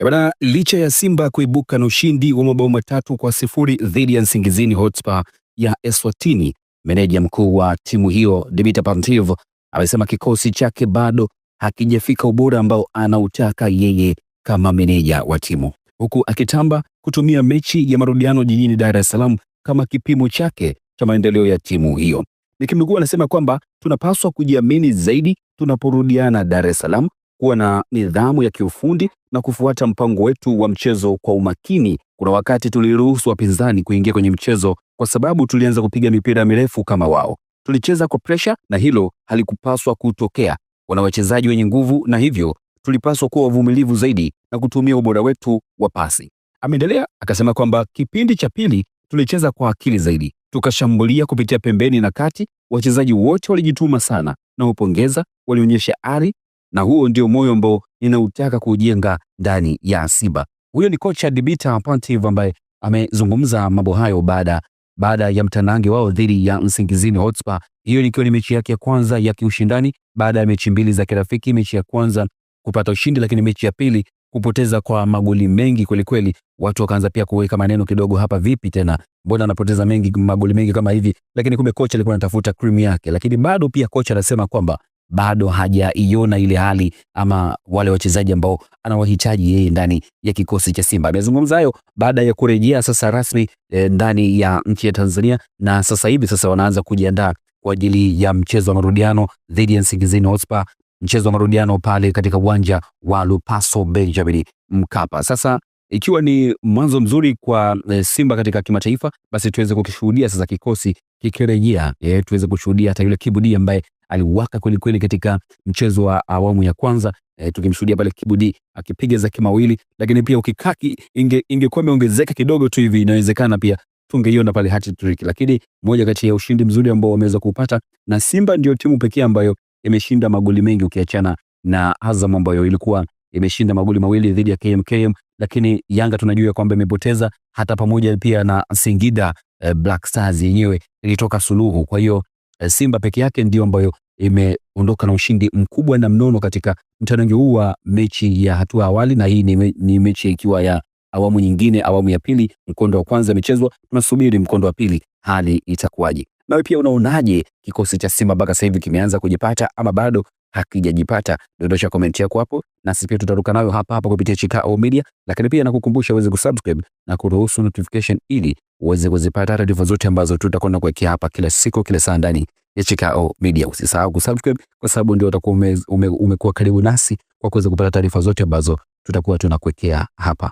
Eh, bana, licha ya Simba kuibuka na ushindi wa mabao matatu kwa sifuri dhidi ya Nsingizini Hotspur ya Eswatini, meneja mkuu wa timu hiyo Dimitar Pantev amesema kikosi chake bado hakijafika ubora ambao anautaka yeye kama meneja wa timu, huku akitamba kutumia mechi ya marudiano jijini Dar es Salaam kama kipimo chake cha maendeleo ya timu hiyo. Nikimnukuu anasema kwamba tunapaswa kujiamini zaidi tunaporudiana Dar es Salaam kuwa na nidhamu ya kiufundi na kufuata mpango wetu wa mchezo kwa umakini. Kuna wakati tuliruhusu wapinzani kuingia kwenye mchezo kwa sababu tulianza kupiga mipira mirefu kama wao. Tulicheza kwa presha na hilo halikupaswa kutokea. Wana wachezaji wenye nguvu na hivyo tulipaswa kuwa wavumilivu zaidi na kutumia ubora wetu wa pasi. Ameendelea akasema kwamba kipindi cha pili tulicheza kwa akili zaidi, tukashambulia kupitia pembeni na kati. Wachezaji wote walijituma sana, na upongeza, walionyesha ari na huo ndio moyo ambao ninautaka kujenga ndani ya Simba. Huyo ni kocha Dibita Pantev ambaye amezungumza mambo hayo baada baada ya mtanange wao dhidi ya Msingizini Hotspur, hiyo ikiwa ni mechi yake ya kwanza ya kiushindani baada ya mechi mbili za kirafiki, mechi ya kwanza kupata ushindi, lakini mechi ya pili kupoteza kwa magoli mengi kweli kweli. Watu wakaanza pia kuweka maneno kidogo hapa, vipi tena, mbona anapoteza mengi magoli mengi kama hivi? Lakini kumbe kocha alikuwa anatafuta cream yake, lakini bado pia kocha anasema kwamba bado hajaiona ile hali ama wale wachezaji ambao anawahitaji yeye ndani ya kikosi cha Simba. Amezungumza hayo baada ya kurejea sasa rasmi e, ndani ya nchi ya Tanzania, na sasa hivi sasa wanaanza kujiandaa kwa ajili ya mchezo wa marudiano dhidi ya Nsingizini Hotspur, mchezo wa marudiano pale katika uwanja wa Lupaso Benjamin Mkapa. Sasa ikiwa ni mwanzo mzuri kwa e, Simba katika kimataifa, basi tuweze kukishuhudia sasa kikosi kikirejea, e, tuweze kushuhudia hata yule Kibudi ambaye aliwaka kwelikweli katika mchezo wa awamu ya kwanza e, tukimshuhudia pale Kibudi akipiga za kimawili, lakini pia ingekuwa inge, imeongezeka kidogo tu hivi, inawezekana pia tungeiona pale hat trick, lakini moja kati ya ushindi mzuri ambao wameweza kupata, na Simba ndio timu pekee ambayo imeshinda magoli mengi ukiachana na Azam ambayo ilikuwa imeshinda magoli mawili dhidi ya KMKM, lakini Yanga tunajua kwamba imepoteza hata pamoja pia na Singida eh, Black Stars yenyewe ilitoka suluhu. Kwa hiyo eh, Simba peke yake ndio ambayo imeondoka na ushindi mkubwa na mnono katika mtanange huu wa mechi ya hatua awali, na hii ni, me, ni mechi ikiwa ya awamu nyingine, awamu ya pili. Mkondo wa kwanza imechezwa, tunasubiri mkondo wa pili, hali itakuwaje? Nawe pia unaonaje kikosi cha Simba mpaka sasa hivi kimeanza kujipata ama bado hakijajipata? Dondosha comment yako hapo, nasi pia tutaruka nayo hapa hapa kupitia Chikao Media, lakini pia nakukumbusha uweze kusubscribe na kuruhusu notification ili uweze kuzipata taarifa zote ambazo tutakwenda kuwekea hapa kila siku, kila saa ndani ya Chikao Media. Usisahau kusubscribe kwa sababu ndio utakuwa ume, ume, umekuwa karibu nasi kwa kuweza kupata taarifa zote ambazo tutakuwa tunakuwekea hapa.